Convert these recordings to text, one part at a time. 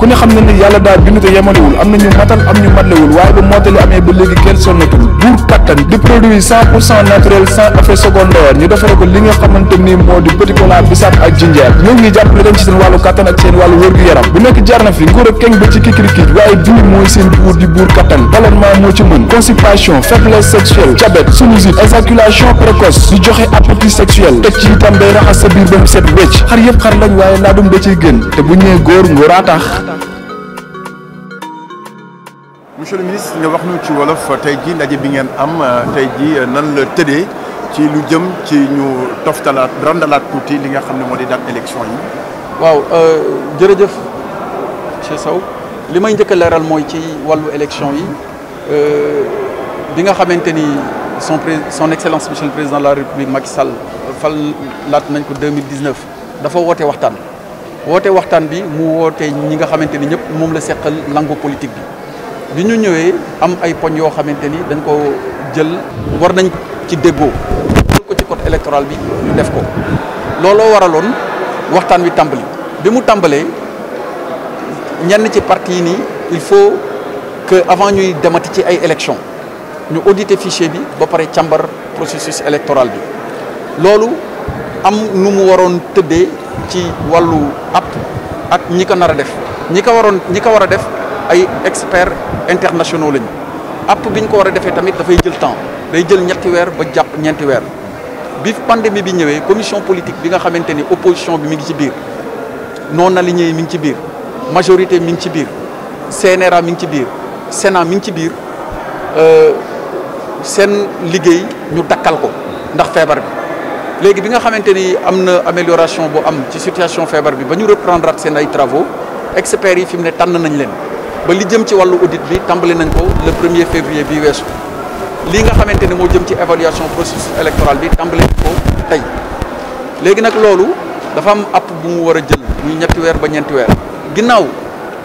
ku ne xam na ni yàlla daal bindu te yemalewul am na ñu matal am ñu matalewul waaye ba mottali amee ba léegi kenn sonnatul buur kattan di produit cent pour cent naturel sans effet secondaire ñu defare ko li nga xamante ni moo di petit cola ak jinjeer ñoo ngi jàppale leen ci seen wàllu kattan ak seen wàllu wërgu yaram bu nekk jar na fi nguur ak keng ba ci kikirikiij waaye bii mooy seen buur di buur kattan ballonnement moo ci mën constipation monsieur le ministre nga wax nu ci wolof tey jii ndaje bi ngeen am tey jii nan la tëddee ci lu jëm ci ñu toftalaat randalaat tuuti li nga xam ne moo di date élection yi. waaw euh, jërëjëf monsieur Sow li may njëkk a leeral mooy ci wàllu élection yi euh, bi nga xamante ni son son excellence monsieur le président de la république Macky Sall fal laat nañ ko 2019 dafa woote waxtaan woote waxtaan bi mu woote ñi nga xamante ni ñëpp moom la seqal langue politique bi. bi ñu ñëwee am ay poñ yoo xamante ni dañ ko jël war nañ ci déggoo jël ko ci code électoral bi ñu def ko looloo waraloon waxtaan wi tàmbali bi mu tàmbalee ñenn ci parti yi nii il faut que avant ñuy demati ci ay élection ñu auditer fichier bi ba pare càmbar processus électoral bi loolu am nu mu waroon tëddee ci wàllu app ak ñi ko nar a def ñi ko waroon ñi ko war a def ay experts internationaux lañu app bi ñu ko war a defee tamit dafay jël temps day jël ñetti weer ba jàpp ñeenti weer bi pandémie bi ñëwee commission politique bi nga xamante ni opposition bi mu ngi ci biir non aligné yi mi ngi ci biir majorité mi ngi ci biir CNRA mi ngi ci biir Sénat mi ngi ci biir euh, seen liggéey ñu dakkal ko ndax feebar bi léegi bi nga xamante ni am na amélioration bu am ci situation feebar bi ba ñu reprendre ak seen ay travaux experts yi fi mu ne tànn nañ leen ba li jëm ci wàllu audit bi tàmbali nañ ko le premier février bi weesu lii nga xamante ne moo jëm ci évaluation processus électoral bi tàmbali nañ ko tey léegi nag loolu dafa am app bu mu war a jël muy ñetti weer ba ñeenti weer ginnaaw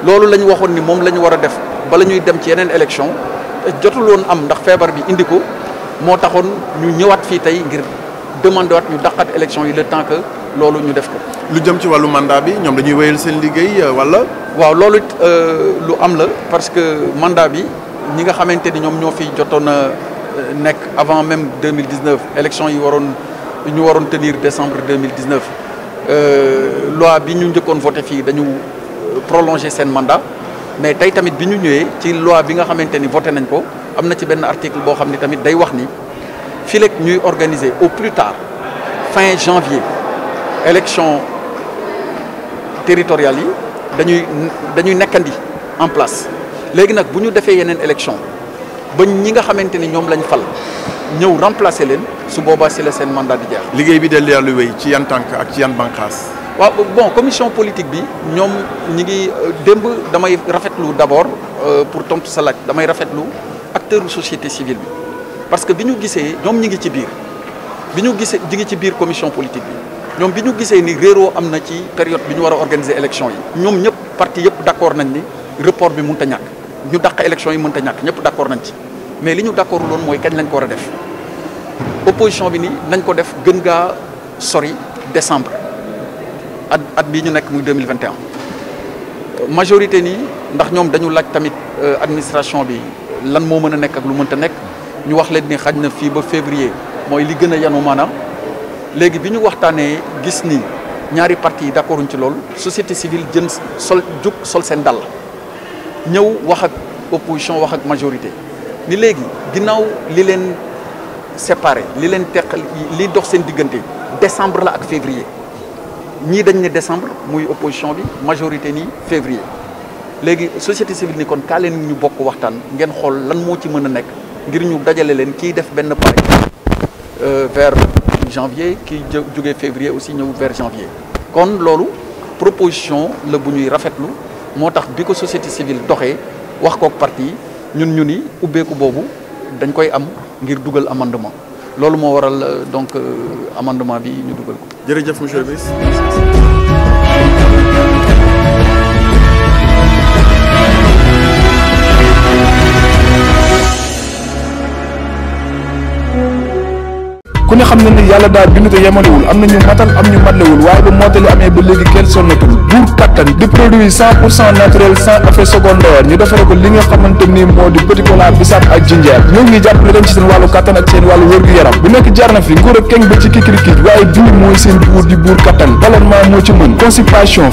loolu la ñu waxoon ni moom la ñu war a def bala ñuy dem ci yeneen élection jotul woon am ndax feebar bi indi ko moo taxoon ñu ñëwaat fii tey ngir demandé waat ñu daqaat élection yi le temps que loolu ñu def ko. lu jëm ci wàllu mandat bi ñoom dañuy wéyal seen liggéey euh, walla. waaw loolu it euh, lu am la parce que mandat bi ñi nga xamante ni ñoom ñoo fi jotoon a euh, nekk avant même 2019 élection yi waroon ñu waroon tenir décembre 2019 loi bi ñu njëkkoon voté fii dañu prolonger seen mandat mais tey tamit bi ñu ñëwee ci loi bi nga xamante ni voté nañ ko am na ci benn article boo xam ni tamit day wax ni fii léegi ñuy organiser au plus tard fin janvier. élection territoriales yi dañuy dañuy nekkandi en place léegi nag bu ñu defee yeneen élection ba ñi nga xamante ni ñoom lañ fal ñëw remplacer leen su boobaa si la seen mandat di jeex. liggéey bi del lu wéy ci yan tànk ak ci yan bànqaas. waaw bon commission politique bi ñoom ñi ngi euh, démb damay rafetlu d'abord euh, pour tontu sa laaj damay rafetlu acteur société civile bi parce que bi ñu gisee ñoom ñi ngi ci biir bi ñu gisee ñi ngi ci biir commission politique bi. ñoom bi ñu gisee ni réeroo am na ci période bi ñu war a organiser élection yi ñoom ñëpp parti yëpp d' accord nañ ni report bi mënta ñàkk ñu dàq élection yi mënta ñàkk ñëpp d' accord nañ ci mais li ñu d' accord loon mooy kañ lañ ko war a def opposition bi ni nañ ko def gën gaa sori décembre at at bi ñu nekk muy 2021 majorité nii ndax ñoom dañu laaj tamit euh, administration bi lan moo mën a nekk ak lu mënta nekk ñu wax leen ni xaj na fii ba février mooy li gën a yanu maanaam léegi bi ñu waxtaanee gis ni ñaari parti yi d'accord ci loolu société civile jën sol jug sol seen dàll ñëw wax ak opposition wax ak majorité ni léegi ginnaaw li leen séparé li leen teqal li dox seen diggante décembre la ak février ñii dañ ne décembre muy opposition bi majorité nii février léegi société civile ni kon kaa leen ñu bokk waxtaan ngeen xool lan moo ci mën a nekk ngir ñu dajale leen kiy def benn pari euh, vers janvier kii jógee février aussi ñëw vers janvier kon loolu proposition la bu ñuy rafetlu moo tax bi ko société civile doxee wax kook parti ñun ñu ni ubbeeku boobu dañ koy am ngir dugal amendement loolu moo waral euh, donc euh, amendement bi ñu dugal ko. nga xam ne ni yàlla daal bindu te yemalewul am na ñu matal am ñu matlewul waaye ba mottali amee ba léegi kenn sonnatul buur kattan di produit cent pour cent naturel sans effet secondaire ñu defare ko li nga xamante ni moo di petit cola bisaab ak jinjeer ñoo ngi jàppale leen ci seen wàllu kattan ak seen wàllu wér-gu-yaram bu nekk jarna fi nguur ak keng ba ci kikirikiij waaye bii mooy seen buur di buur kattan ballonnement moo ci mën constipation